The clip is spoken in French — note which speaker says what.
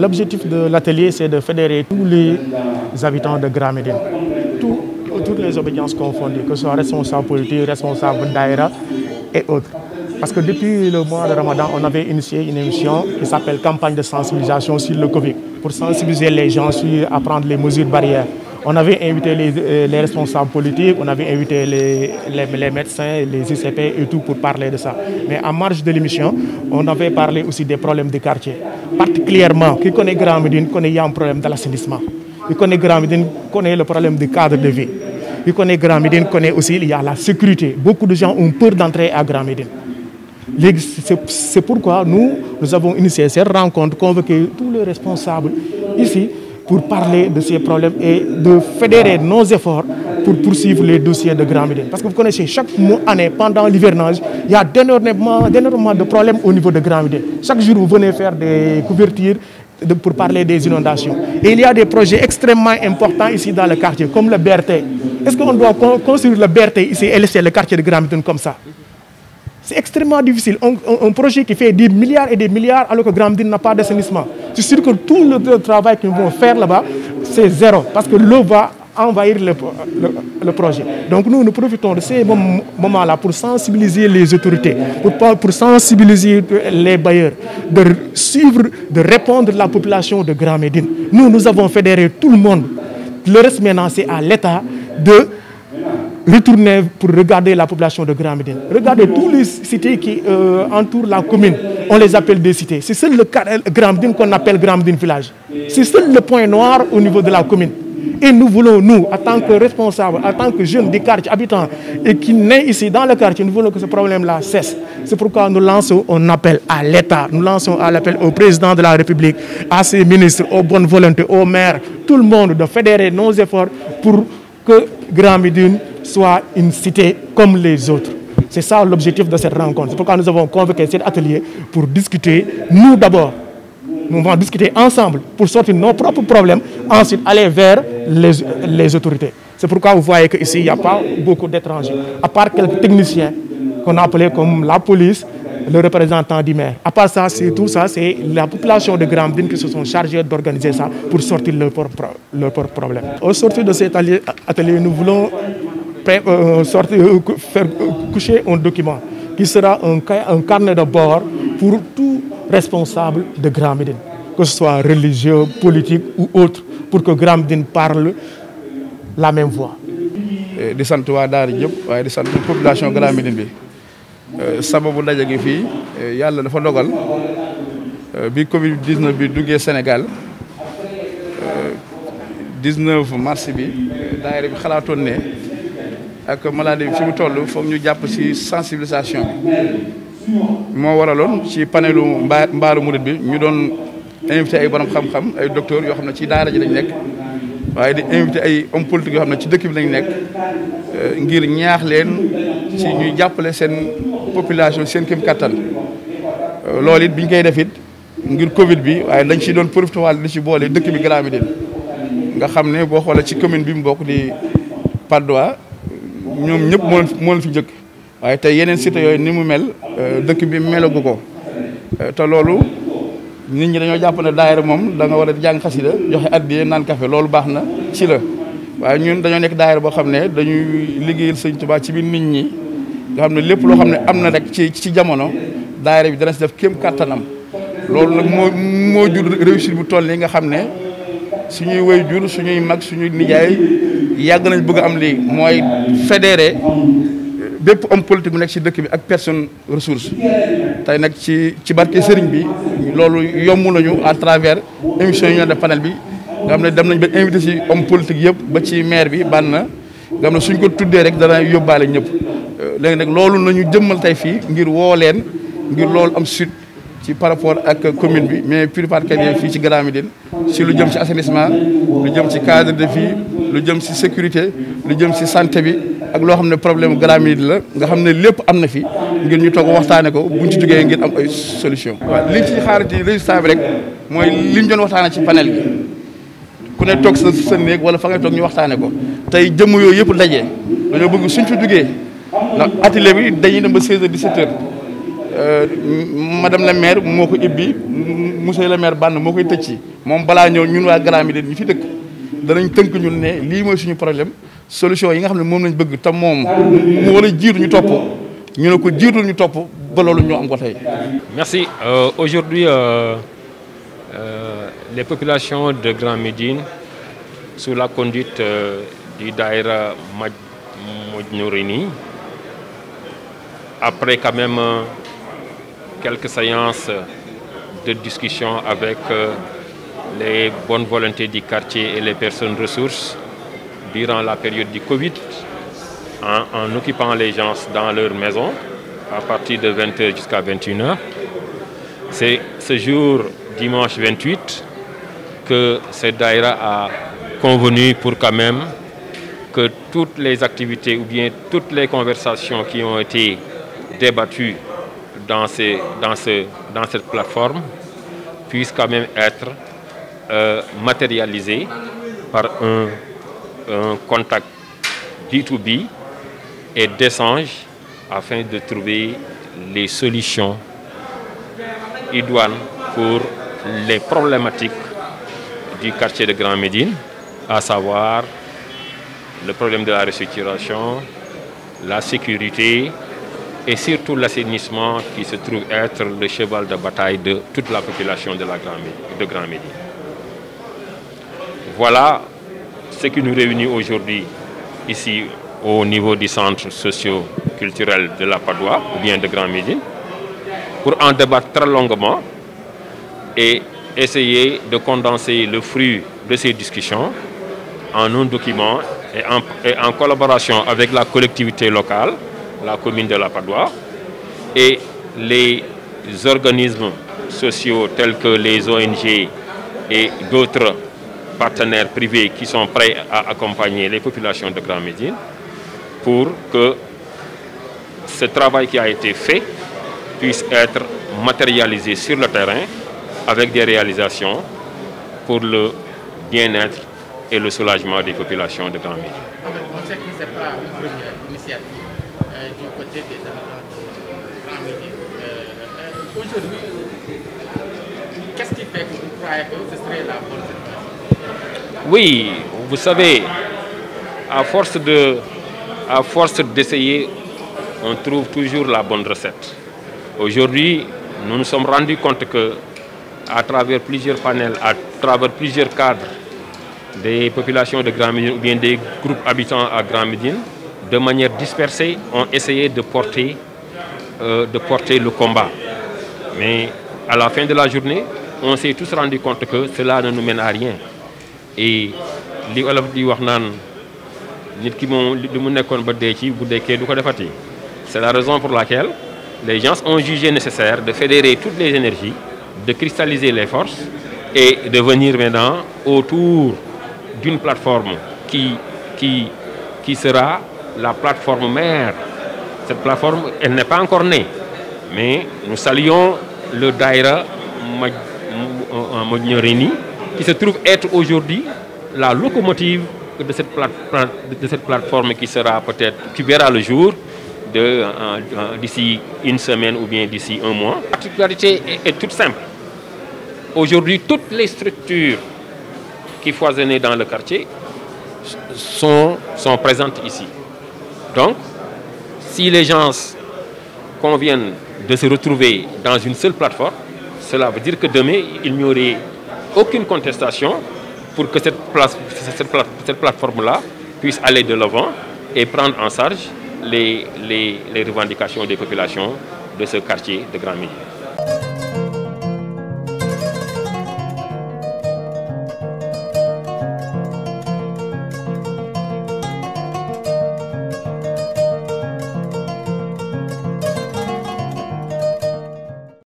Speaker 1: l'objectif de l'atelier, c'est de fédérer tous les habitants de Gramédine, toutes les obédiences confondues, que ce soit responsable politique, responsables d'Aïra et autres. Parce que depuis le mois de Ramadan, on avait initié une émission qui s'appelle Campagne de sensibilisation sur le Covid, pour sensibiliser les gens à prendre les mesures barrières. On avait invité euh, les, responsables politiques, on avait invité les, les, médecins, les ICP et tout pour parler de ça. Mais en marge de l'émission, on avait parlé aussi des problèmes de quartier. Particulièrement, qui connaît Grand Médine connaît qu'il y a un problème de l'assainissement. Qui connaît Grand Médine connaît le problème du cadre de vie. Qui connaît Grand Médine connaît aussi il y a la sécurité. Beaucoup de gens ont peur d'entrer à Grand Médine. C'est pourquoi nous, nous avons initié cette rencontre, convoqué tous les responsables ici pour parler de ces problèmes et de fédérer nos efforts pour poursuivre les dossiers de Grand Parce que vous connaissez, chaque année, pendant l'hivernage, il y a d'énormément, de problèmes au niveau de Grand Chaque jour, vous venez faire des couvertures pour parler des inondations. Et il y a des projets extrêmement importants ici dans le quartier, comme le BRT. Est-ce qu'on doit construire le BRT ici et laisser le quartier de Grand comme ça c'est extrêmement difficile. Un, projet qui fait des milliards et des milliards alors que Gramedine n'a pas d'assainissement. C'est sûr que tout le, travail qu'ils vont faire là-bas, c'est zéro. Parce que l'eau va envahir le, projet. Donc nous, nous profitons de ces moments-là pour sensibiliser les autorités, pour, pour sensibiliser les bailleurs, de suivre, de répondre à la population de Grand Nous, nous avons fédéré tout le monde. Le reste maintenant, c'est à l'État de retourner pour regarder la population de Grand Médine. Regardez toutes les cités qui euh, entourent la commune, on les appelle des cités. C'est seul le Grand qu'on appelle Grand Village. C'est seul le point noir au niveau de la commune. Et nous voulons, nous, en tant que responsables, en tant que jeunes des quartiers habitants et qui naissent ici dans le quartier, nous voulons que ce problème-là cesse. C'est pourquoi nous lançons un appel à l'État, nous lançons un appel au président de la République, à ses ministres, aux bonnes volontés, aux maires, tout le monde de fédérer nos efforts pour que Grand soit une cité comme les autres. C'est ça l'objectif de cette rencontre. C'est pourquoi nous avons convoqué cet atelier pour discuter, nous d'abord. Nous allons discuter ensemble pour sortir nos propres problèmes, ensuite aller vers les, autorités. C'est pourquoi vous voyez qu'ici, il n'y a pas beaucoup d'étrangers, à part quelques techniciens qu'on a appelés comme la police, le représentant du maire. À part ça, c'est tout ça, c'est la population de Grambine qui se sont chargés d'organiser ça pour sortir leurs propres leur propre Au sortir de cet atelier, nous voulons euh, faire euh, coucher un document qui sera un, un carnet de bord pour tout responsables de Grand que ce soit religieux, politique ou autre, pour que Grand parle la même voix. Eh, des sant waa
Speaker 2: des yëpp de population Grand Médine bi eh, sababu daje Il y a dafa dogal eh, Covid 19 bi duggee Sénégal 19 mars bi daayira ak maladie bi fi mu toll foog ñu jàpp ci sensibilisation mo waralon ci panelu mbaa mourid bi ñu don invité ay borom xam-xam ay docteur yo xamna ci daara ji lañ nek waye di invité ay homme politique yo xamna ci dëkk bi lañ nek euh, ngir ñaax leen ci ñu jappalé seen population seen kéem katan euh, loolu biñ koy defit ngir Covid bi waye lañ ci don profité waale di ci boole dëkk bi gramidine nga xam bo boo ci commune bi mu bokk di Patte ñoom ñëpp moo leen moo fi njëkk waaye tey yeneen cité yooyu ni mu mel euh, dëkk bi melagu ko euh, te loolu nit ñi dañoo jàpp ne daayira moom danga war a jàng xasida joxe addiya naan café loolu baax na ci la waaye ñun dañoo nekk daayira boo xam ne dañuy liggéeyal sëñ Tuubaa ci biir nit ñi nga xam ne lépp loo xam ne am na rek ci ci jamono daayira bi dana si def kéem kattanam loolu nag moo moo jur réussite bu toll nii nga xam ne suñuy waajur suñuy mag suñuy nijaay yàgg nañ bëgg am lii mooy fédéré bépp homme politique bu nekk ci dëkk bi ak personne ressource tey nag ci ci barke sëriñ bi loolu yomb nañu à travers émission yi ñoo def panel bi nga xam ne dem nañ ba invité si homme politique yëpp ba ci maire bi ban na nga xam ne suñ ko tuddee rek dana yóbbaale ñëpp euh, léegi nag loolu nañu jëmmal tey fii ngir woo leen ngir loolu am suite ci par rapport ak commune bi mais plus particulièrement fii ci Grand Médine si lu jëm si assainissement lu jëm si cadre de vie lu jëm si sécurité lu jëm si santé bi ak loo xam ne problème Grand Médine la nga xam ne lépp am na fi ngir ñu toog waxtaane ko buñ ci jógee ngir am ay solution waaw liñ ci xaar ci bi rek mooy liñ doon waxtaane ci panel bi ku ne toog sa sa néeg wala fa nga toog ñu waxtaane ko tey jëm yooyu yëpp dajee dañoo bëgg suñ fi duggee ndax atelier bi dañuy dem ba 16 heures 17 Euh, madame la maire moko monsieur le maire moko mom bala Grand fi ñun suñu problème solution yi nga xamné mom bëgg ne ko ñu ba
Speaker 3: merci euh, aujourd'hui euh, les populations de Grand Médine sous la conduite du Daïra Maj après quand même quelques séances de discussion avec euh, les bonnes volontés du quartier et les personnes ressources durant la période du Covid, hein, en, occupant les gens dans leur maison à partir de 20h jusqu'à 21h. C'est ce jour, dimanche 28, que cette daïra a convenu pour quand même que toutes les activités ou bien toutes les conversations qui ont été débattues dans, dans, ce, dans cette plateforme puisse quand même être euh, matérialisé par un, contact B2B et d'échange afin de trouver les solutions idoines pour les problématiques du quartier de Grand Médine, à savoir le problème de la restructuration, la sécurité, et surtout l'assainissement qui se trouve être le cheval de bataille de toute la population de, la Grand Médine. Voilà ce qui nous réunit aujourd'hui ici au niveau du centre socio-culturel de la Padoie ou bien de Grand Médine pour en débattre très longuement et essayer de condenser le fruit de ces discussions en un document et en collaboration avec la collectivité locale la commune de la Padoie et les organismes sociaux tels que les ONG et d'autres partenaires privés qui sont prêts à accompagner les populations de Grand Médine pour que ce travail qui a été fait puisse être matérialisé sur le terrain avec des réalisations pour le bien-être et le soulagement des populations de Grand Médine.
Speaker 1: Euh, du côté des habitants Grand euh, Aujourd'hui, qu'est-ce qui fait que vous croyez que ce serait la bonne recette
Speaker 3: Oui, vous savez, à force de à force d'essayer, on trouve toujours la bonne recette. Aujourd'hui, nous nous sommes rendus compte que à travers plusieurs panels, à travers plusieurs cadres des populations de Grand Médine ou bien des groupes habitants à Grand Médine, de manière dispersée, ont essayé de porter, euh, de porter le combat. Mais à la fin de la journée, on s'est tous rendu compte que cela ne nous mène à rien. Et c'est la raison pour laquelle les gens ont jugé nécessaire de fédérer toutes les énergies de cristalliser les forces et de venir maintenant autour d'une plateforme qui qui qui sera la plateforme mère. Cette plateforme, elle n'est pas encore née. Mais nous saluons le Daïra euh, Mognorini, qui se trouve être aujourd'hui la locomotive de cette, plateforme qui sera peut-être, qui verra le jour euh, euh, d'ici une semaine ou bien d'ici un mois. La particularité est, toute simple. Aujourd'hui, toutes les structures qui foisonnaient dans le quartier sont présentes ici. Donc, si les gens conviennent de se retrouver dans une seule plateforme, cela veut dire que demain, il n'y aurait aucune contestation pour que cette, plateforme-là puisse aller de l'avant et prendre en charge les, revendications des populations de ce quartier de Grand